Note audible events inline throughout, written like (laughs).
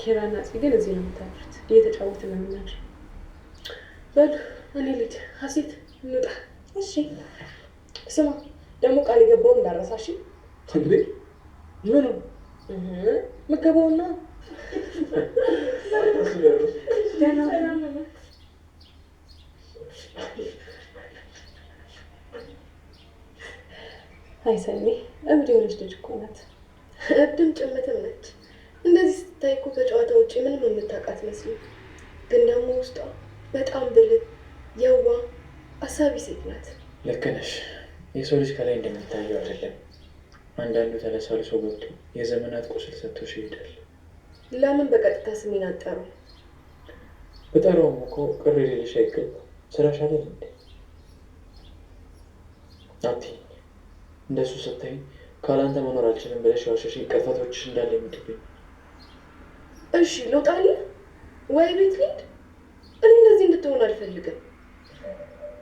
ኪራና ጽ ግን እዚህ ነው የምታድሩት። እየተጫወት ነው የምናድር። በሉ እኔ ልጅ ሀሴት እንውጣ። እሺ ስማ ደግሞ ቃል የገባው እንዳረሳሽ ትግሬ ምኑ ምገባውና አይሰኔ ሰኒ እብድ የሆነች ልጅ እኮ ናት። እብድም ጭምትም ነች። ስታይ እኮ ውጭ ምንም የምታውቃት መስሉ፣ ግን ደግሞ ውስጧ በጣም ብልህ የዋ አሳቢ ሴት ናት። ልክ ነሽ። የሰው ልጅ ከላይ እንደሚታየው አይደለም። አንዳንዱ ተለሳልሶ ገብቶ የዘመናት ቁስል ሰጥቶሽ ይሄዳል። ለምን በቀጥታ ስሜን አጠሩ? ብጠራውም እኮ ቅር ሌልሽ አይገባ። ስራሽ አይደል እንዴ? አትይኝ። እንደሱ ስታይ ካላንተ መኖር አልችልም ብለሽ ዋሸሽ። ቀፋቶችሽ እንዳለ የሚድብኝ እሺ ሎጣሊ ወይ ቤት ልሂድ? እኔ እንደዚህ እንድትሆን አልፈልግም።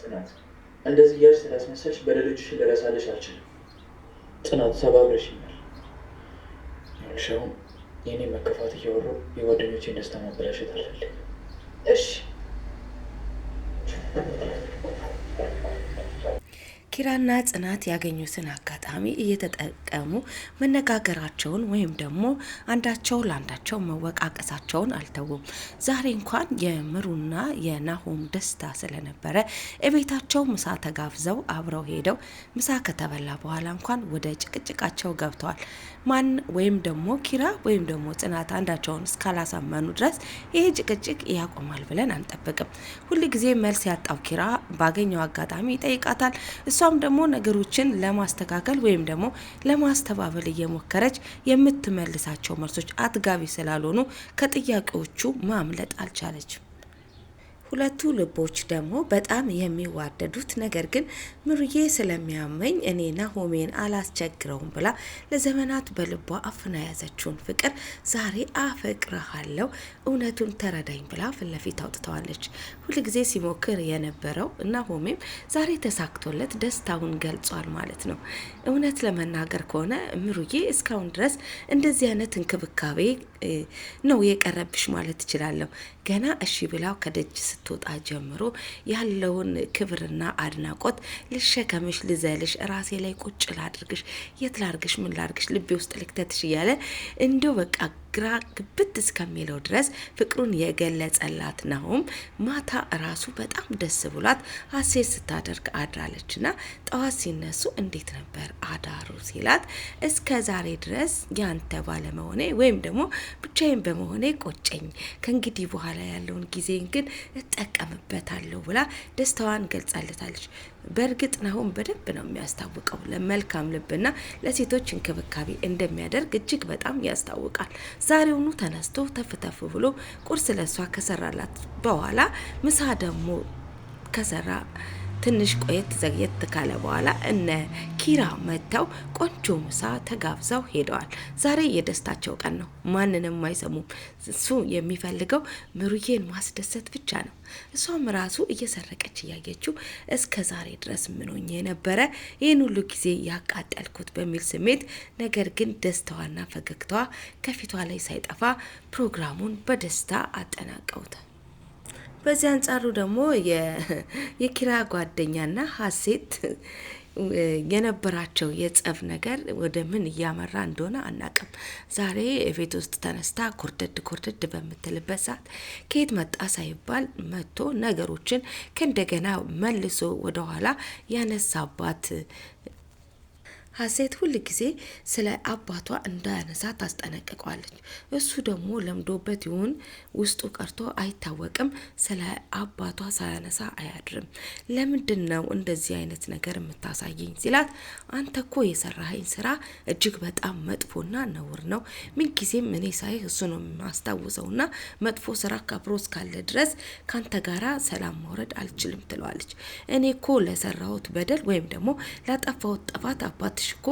ጽናት እንደዚህ እያልሽ ስላስመሰልሽ በደሎችሽን ልረሳለሽ አልችልም። ጽናት ሰባብረሽኛል። ሻውም የእኔ መከፋት እያወሩ የጓደኞቼን ደስታ ማበላሸት አልፈልግም። እሺ ኪራና ጽናት ያገኙትን አጋጣሚ አጋጣሚ እየተጠቀሙ መነጋገራቸውን ወይም ደግሞ አንዳቸው ለአንዳቸው መወቃቀሳቸውን አልተውም። ዛሬ እንኳን የምሩና የናሆም ደስታ ስለነበረ እቤታቸው ምሳ ተጋብዘው አብረው ሄደው ምሳ ከተበላ በኋላ እንኳን ወደ ጭቅጭቃቸው ገብተዋል። ማን ወይም ደግሞ ኪራ ወይም ደግሞ ጽናት አንዳቸውን እስካላሳመኑ ድረስ ይሄ ጭቅጭቅ ያቆማል ብለን አንጠብቅም። ሁል ጊዜ መልስ ያጣው ኪራ ባገኘው አጋጣሚ ይጠይቃታል። እሷም ደግሞ ነገሮችን ለማስተካከል ወይም ደግሞ ለማስተባበል እየሞከረች የምትመልሳቸው መልሶች አጥጋቢ ስላልሆኑ ከጥያቄዎቹ ማምለጥ አልቻለችም። ሁለቱ ልቦች ደግሞ በጣም የሚዋደዱት ነገር ግን ምሩዬ ስለሚያመኝ እኔ ናሆሜን አላስቸግረውም ብላ ለዘመናት በልቧ አፍና ያዘችውን ፍቅር ዛሬ አፈቅረሃለው እውነቱን ተረዳኝ ብላ ፊት ለፊት አውጥተዋለች። ሁልጊዜ ሲሞክር የነበረው ናሆሜም ዛሬ ተሳክቶለት ደስታውን ገልጿል ማለት ነው። እውነት ለመናገር ከሆነ ምሩዬ እስካሁን ድረስ እንደዚህ አይነት እንክብካቤ ነው የቀረብሽ ማለት እችላለሁ። ገና እሺ ብላው ከደጅ ስትወጣ ጀምሮ ያለውን ክብርና አድናቆት ልሸከምሽ፣ ልዘልሽ፣ ራሴ ላይ ቁጭ ላድርግሽ፣ የት ላርግሽ፣ ምን ላርግሽ፣ ልቤ ውስጥ ልክተትሽ እያለ እንደው በቃ ግራ ግብት እስከሚለው ድረስ ፍቅሩን የገለጸላት ናሆም ማታ ራሱ በጣም ደስ ብሏት ሀሴት ስታደርግ አድራለች ና ጠዋት ሲነሱ እንዴት ነበር አዳሩ ሲላት እስከ ዛሬ ድረስ ያንተ ባለመሆኔ ወይም ደግሞ ብቻዬን በመሆኔ ቆጨኝ። ከእንግዲህ በኋላ ያለውን ጊዜን ግን እጠቀምበታለሁ ብላ ደስታዋን ገልጻለታለች። በእርግጥ ናሆም በደንብ ነው የሚያስታውቀው ለመልካም ልብና ለሴቶች እንክብካቤ እንደሚያደርግ እጅግ በጣም ያስታውቃል። ዛሬውኑ ተነስቶ ተፍተፍ ብሎ ቁርስ ለሷ ከሰራላት በኋላ ምሳ ደግሞ ከሰራ ትንሽ ቆየት ዘግየት ካለ በኋላ እነ ኪራ መጥተው ቆንጆ ምሳ ተጋብዘው ሄደዋል። ዛሬ የደስታቸው ቀን ነው። ማንንም አይሰሙም። እሱ የሚፈልገው ምሩዬን ማስደሰት ብቻ ነው። እሷም ራሱ እየሰረቀች እያየችው እስከ ዛሬ ድረስ ምኖኝ የነበረ ይህን ሁሉ ጊዜ ያቃጠልኩት በሚል ስሜት ነገር ግን ደስታዋና ፈገግታዋ ከፊቷ ላይ ሳይጠፋ ፕሮግራሙን በደስታ አጠናቀውታል። በዚህ አንጻሩ ደግሞ (laughs) የኪራ ጓደኛና ሀሴት (laughs) የነበራቸው የጸብ ነገር ወደ ምን እያመራ እንደሆነ አናቅም። ዛሬ ቤት ውስጥ ተነስታ ኮርደድ ኮርደድ በምትልበት ሰዓት ከየት መጣ ሳይባል መጥቶ ነገሮችን ከእንደገና መልሶ ወደኋላ ያነሳባት ሀሴት ሁል ጊዜ ስለ አባቷ እንዳያነሳ ታስጠነቅቀዋለች። እሱ ደግሞ ለምዶበት ይሁን ውስጡ ቀርቶ አይታወቅም። ስለ አባቷ ሳያነሳ አያድርም። ለምንድን ነው እንደዚህ አይነት ነገር የምታሳየኝ ሲላት፣ አንተ ኮ የሰራኸኝ ስራ እጅግ በጣም መጥፎና ነውር ነው። ምንጊዜም እኔ ሳይህ እሱ ነው የማስታውሰውና መጥፎ ስራ ካብሮ እስካለ ድረስ ከአንተ ጋራ ሰላም ማውረድ አልችልም ትለዋለች። እኔ ኮ ለሰራሁት በደል ወይም ደግሞ ላጠፋሁት ጥፋት አባት እህትሽ እኮ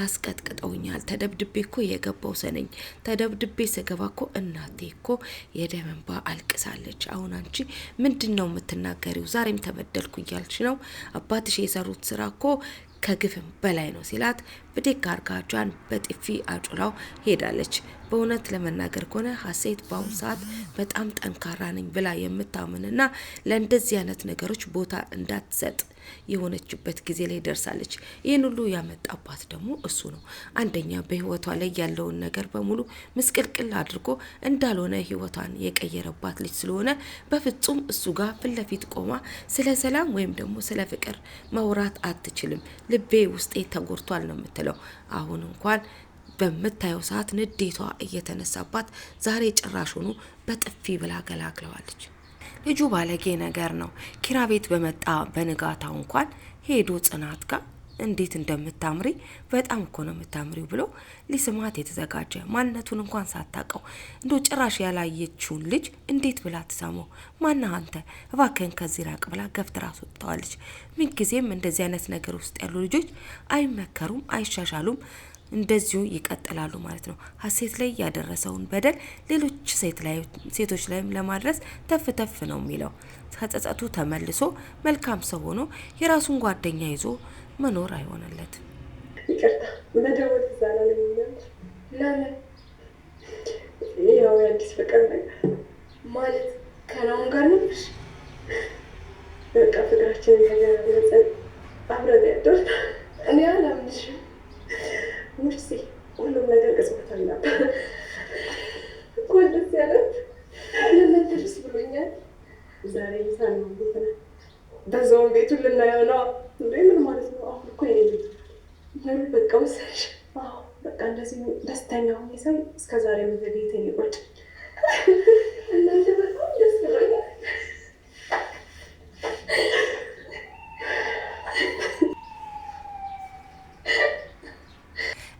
አስቀጥቅጠውኛል። ተደብድቤ እኮ የገባው ሰነኝ ተደብድቤ ስገባ እኮ እናቴ እኮ የደም እንባ አልቅሳለች። አሁን አንቺ ምንድን ነው የምትናገሪው? ዛሬም ተበደልኩ እያልሽ ነው? አባትሽ የሰሩት ስራ እኮ ከግፍም በላይ ነው ሲላት ብድግ አርጋ እጇን በጥፊ አጩላው ሄዳለች። በእውነት ለመናገር ከሆነ ሀሴት በአሁኑ ሰዓት በጣም ጠንካራ ነኝ ብላ የምታምንና ለእንደዚህ አይነት ነገሮች ቦታ እንዳትሰጥ የሆነችበት ጊዜ ላይ ደርሳለች። ይህን ሁሉ ያመጣባት ደግሞ እሱ ነው። አንደኛ በህይወቷ ላይ ያለውን ነገር በሙሉ ምስቅልቅል አድርጎ እንዳልሆነ ህይወቷን የቀየረባት ልጅ ስለሆነ በፍጹም እሱ ጋር ፊት ለፊት ቆማ ስለ ሰላም ወይም ደግሞ ስለ ፍቅር መውራት አትችልም። ልቤ ውስጤ ተጎድቷል ነው የምትለው አሁን እንኳን በምታየው ሰዓት ንዴቷ እየተነሳባት ዛሬ ጭራሽ ሆኖ በጥፊ ብላ ገላግለዋለች። ልጁ ባለጌ ነገር ነው። ኪራ ቤት በመጣ በንጋታው እንኳን ሄዶ ጽናት ጋር እንዴት እንደምታምሪ በጣም እኮ ነው የምታምሪው ብሎ ሊስማት የተዘጋጀ ማንነቱን እንኳን ሳታውቀው እንዶ ጭራሽ ያላየችውን ልጅ እንዴት ብላ ትሰማው? ማና አንተ እባክህን ከዚህ ራቅ ብላ ገፍት ራስ ወጥተዋለች። ምንጊዜም እንደዚህ አይነት ነገር ውስጥ ያሉ ልጆች አይመከሩም፣ አይሻሻሉም። እንደዚሁ ይቀጥላሉ ማለት ነው። ሀሴት ላይ ያደረሰውን በደል ሌሎች ሴቶች ላይም ለማድረስ ተፍ ተፍ ነው የሚለው። ከጸጸቱ ተመልሶ መልካም ሰው ሆኖ የራሱን ጓደኛ ይዞ መኖር አይሆንለት። ይቅርታ መደወል ይዛላል ላለ ያው የአዲስ ፍቅር ማለት ከናሁን ጋር ነሽ በቃ ፍቅራችንን ተገናኘን አብረን ያደር እኔ አላምንሽም ምርሲ ሁሉም ነገር ቅጽበት አላት እኮ ደስ ያለት ለመደርስ ብሎኛል። ዛሬ ሳነ ቤት ነ በዛውም ቤቱን ልናየው ነው። ምን ማለት ነው? አሁን እኮ ይሄ ቤት ምን በቃ ውሰሽ በቃ እንደዚህ ደስተኛ ሁኔ ሰው እስከዛሬ መዘግየት የኔ ቆጭ እናንተ በጣም ደስ ብሎኛል።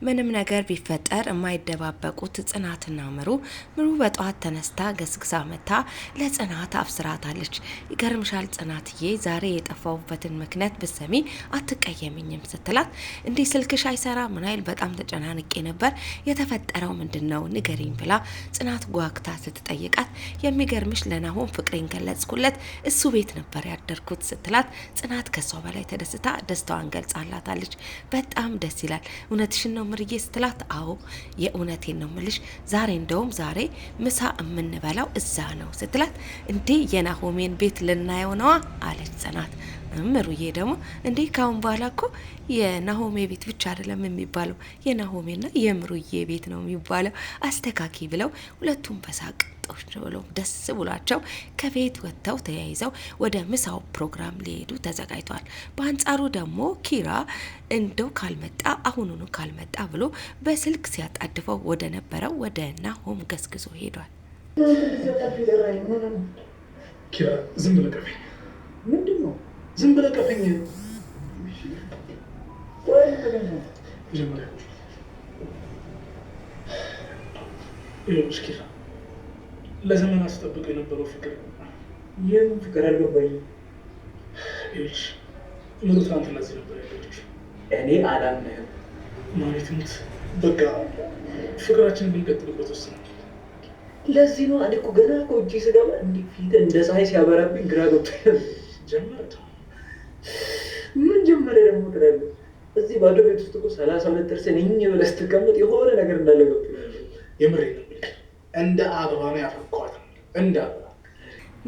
ምንም ነገር ቢፈጠር የማይደባበቁት ጽናትና ምሩ። ምሩ በጠዋት ተነስታ ገስግሳ መታ ለጽናት አብስራታለች። ይገርምሻል ጽናትዬ፣ ዛሬ የጠፋውበትን ምክንያት ብሰሚ አትቀየምኝም ስትላት፣ እንዲህ ስልክሽ አይሰራ ምን አይል በጣም ተጨናንቄ ነበር፣ የተፈጠረው ምንድን ነው ንገሪኝ ብላ ጽናት ጓግታ ስትጠይቃት፣ የሚገርምሽ ለናሆን ፍቅሬን ገለጽኩለት እሱ ቤት ነበር ያደርኩት ስትላት፣ ጽናት ከሷ በላይ ተደስታ ደስታዋን ገልጻላታለች። በጣም ደስ ይላል እውነትሽን ነው ታምርዬ ስትላት፣ አዎ የእውነቴን ነው ምልሽ፣ ዛሬ እንደውም ዛሬ ምሳ የምንበላው እዛ ነው ስትላት፣ እንዴ የናሆሜን ቤት ልናየው ነዋ አለች ጽናት። ምሩዬ ደግሞ እንዴ ካሁን በኋላ እኮ የናሆሜ ቤት ብቻ አይደለም የሚባለው የናሆሜና የምሩዬ ቤት ነው የሚባለው፣ አስተካኪ ብለው ሁለቱም በሳቅ ብሎ ደስ ብሏቸው ከቤት ወጥተው ተያይዘው ወደ ምሳው ፕሮግራም ሊሄዱ ተዘጋጅተዋል። በአንጻሩ ደግሞ ኪራ እንደው ካልመጣ አሁኑኑ ካልመጣ ብሎ በስልክ ሲያጣድፈው ወደ ነበረው ወደ ናሆም ገስግዞ ሄዷል። ኪራ ዝም ዝም ብለህ ቀፈኝ። እስኪ ለዘመን አስጠብቀ የነበረው ፍቅር ይህን ፍቅር አልገባኝ። ምሩ ትናንትና እዚህ ነበር ያለች። እኔ አላምንም። ማለት ምት በቃ ፍቅራችን ብንቀጥልበት ወስናል። ለዚህ ነው እኔ እኮ ገና ከውጭ ስገባ እንዲህ ፊት እንደ ፀሐይ ሲያበራብኝ ግራ ገብቶ ጀመረ። ምን ጀመረ ደግሞ ትላለህ። እዚህ ባዶ ቤት ውስጥ እኮ ሰላሳ ሁለት ጥርስን እኝ ብለህ ስትቀመጥ የሆነ ነገር እንዳለ ገብቶ የምሬ እንደ አበባ ነው ያፈኳት እንደ አበባ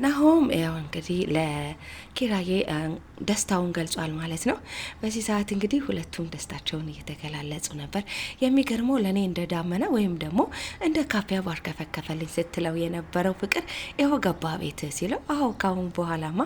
ናሆም ያው እንግዲህ ለኪራዬ ደስታውን ገልጿል ማለት ነው። በዚህ ሰዓት እንግዲህ ሁለቱም ደስታቸውን እየተገላለጹ ነበር። የሚገርመው ለእኔ እንደ ዳመና ወይም ደግሞ እንደ ካፊያ ባርከፈከፈልኝ ስትለው የነበረው ፍቅር ይኸው ገባ ቤት ሲለው፣ አሁ ካሁን በኋላማ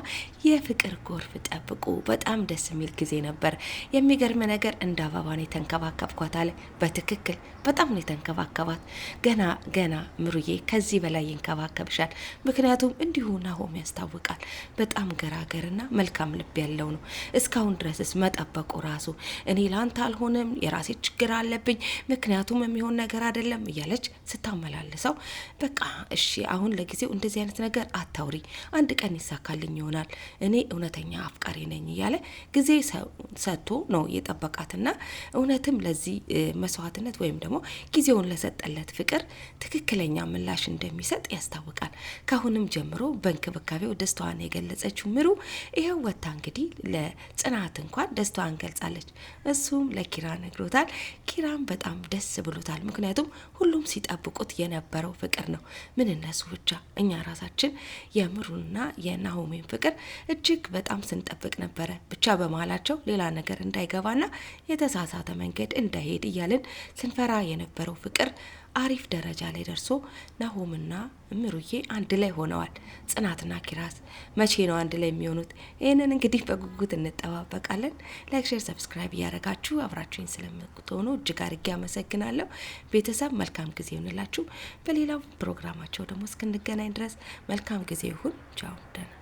የፍቅር ጎርፍ ጠብቁ። በጣም ደስ የሚል ጊዜ ነበር። የሚገርም ነገር እንደ አበባ ነው የተንከባከብኳት አለ። በትክክል በጣም ነው የተንከባከባት። ገና ገና ምሩዬ ከዚህ በላይ ይንከባከብሻል። ምክንያቱም እንዲሁ ናሆም ያስታውቃል። በጣም ገራገርና መልካም ልብ ያለው ነው። እስካሁን ድረስስ መጠበቁ ራሱ እኔ ላንተ አልሆንም፣ የራሴ ችግር አለብኝ፣ ምክንያቱም የሚሆን ነገር አይደለም እያለች ስታመላልሰው፣ በቃ እሺ አሁን ለጊዜው እንደዚህ አይነት ነገር አታውሪ፣ አንድ ቀን ይሳካልኝ ይሆናል፣ እኔ እውነተኛ አፍቃሪ ነኝ እያለ ጊዜ ሰጥቶ ነው የጠበቃትና እውነትም ለዚህ መስዋዕትነት ወይም ደግሞ ጊዜውን ለሰጠለት ፍቅር ትክክለኛ ምላሽ እንደሚሰጥ ያስታውቃል። ካሁንም ጀምሮ በ በእንክብካቤው ደስታዋን የገለጸችው ምሩ ይኸው ወታ እንግዲህ ለጽናት እንኳን ደስታዋን ገልጻለች። እሱም ለኪራ ነግሮታል። ኪራም በጣም ደስ ብሎታል። ምክንያቱም ሁሉም ሲጠብቁት የነበረው ፍቅር ነው። ምን እነሱ ብቻ እኛ ራሳችን የምሩና የናሆሜን ፍቅር እጅግ በጣም ስንጠብቅ ነበረ። ብቻ በመሀላቸው ሌላ ነገር እንዳይገባና የተሳሳተ መንገድ እንዳይሄድ እያልን ስንፈራ የነበረው ፍቅር አሪፍ ደረጃ ላይ ደርሶ ናሆምና ምሩዬ አንድ ላይ ሆነዋል። ጽናትና ኪራስ መቼ ነው አንድ ላይ የሚሆኑት? ይህንን እንግዲህ በጉጉት እንጠባበቃለን። ላይክ፣ ሼር፣ ሰብስክራይብ እያረጋችሁ አብራችሁኝ ስለምትሆኑ እጅግ አርጌ አመሰግናለሁ። ቤተሰብ መልካም ጊዜ ይሆንላችሁ። በሌላው ፕሮግራማቸው ደግሞ እስክንገናኝ ድረስ መልካም ጊዜ ይሁን። ቻው ደህና